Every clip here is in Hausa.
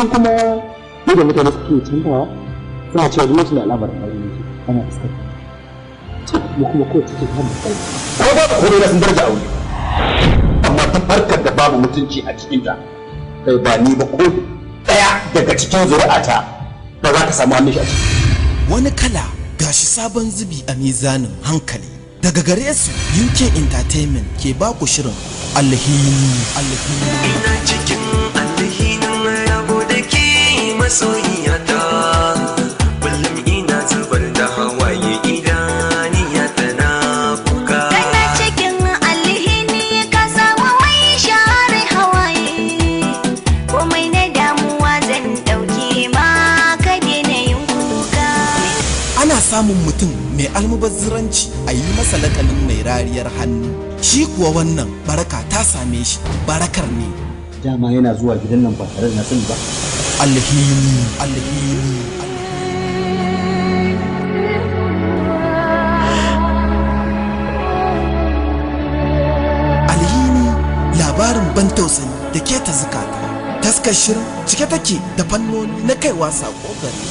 san kuma yadda mutane suke canzawa za a cewa da na al'amarin da ne ana fuskantar mu kuma kawai cikin hannu ko ba ku komai sun daraja aure amma ta farkar da babu mutunci a cikin ta kai ba ni ba ko daya daga cikin zuri'ata ba za ka samu hannun shi a ciki wani kala gashi sabon zubi a mizanin hankali daga gare su UK Entertainment ke ba ku shirin alhini alhini ina cikin samun mutum mai almubazziranci a yi masa lakalin mai rariyar hannu shi kuwa wannan baraka ta same shi barakar ne dama yana zuwa gidan nan ba tare da na sani ba alhini alhini alhini labarin ban tausayi da ke ta zukata taskar shirin cike take da fannoni na kaiwa sako gari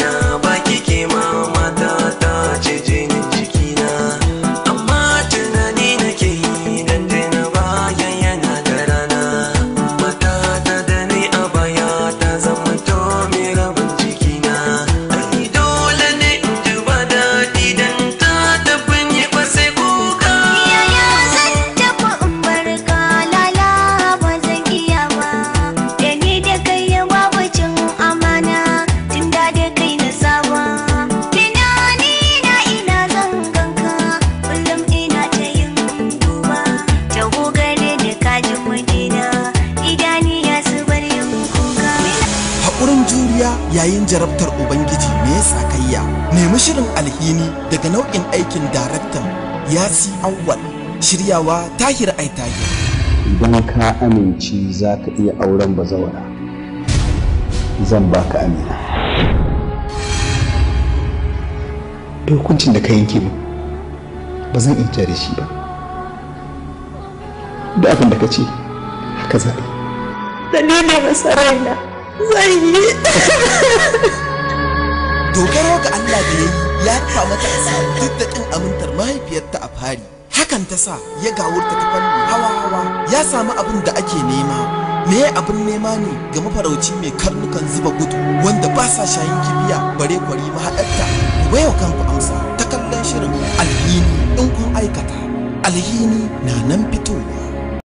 Na baki kike ma mata ta ce bayan jarabtar ubangiji me sakayya nemi shirin alhini daga nau'in aikin director yasi awwal shiryawa tahir ai tahir idan ka amince za ka iya auren bazawara zan baka amina da hukuncin da ka yanke mu ba zan iya da shi ba da abin da ka ce haka za a ne da ne raina dogaro ga Allah da ya yi ya rufa mata asiri duk da kin amintar mahaifiyarta a fari hakan ta sa ya gawurta ta fanni hawa hawa ya samu abin da ake nema me abin nema ne ga mafarauci mai karnukan zuba gudu wanda ba sa shayin kibiya bare kwari mahaɗarta wa kanku amsa ta kallon shirin alhini in kun aikata alhini na nan fitowa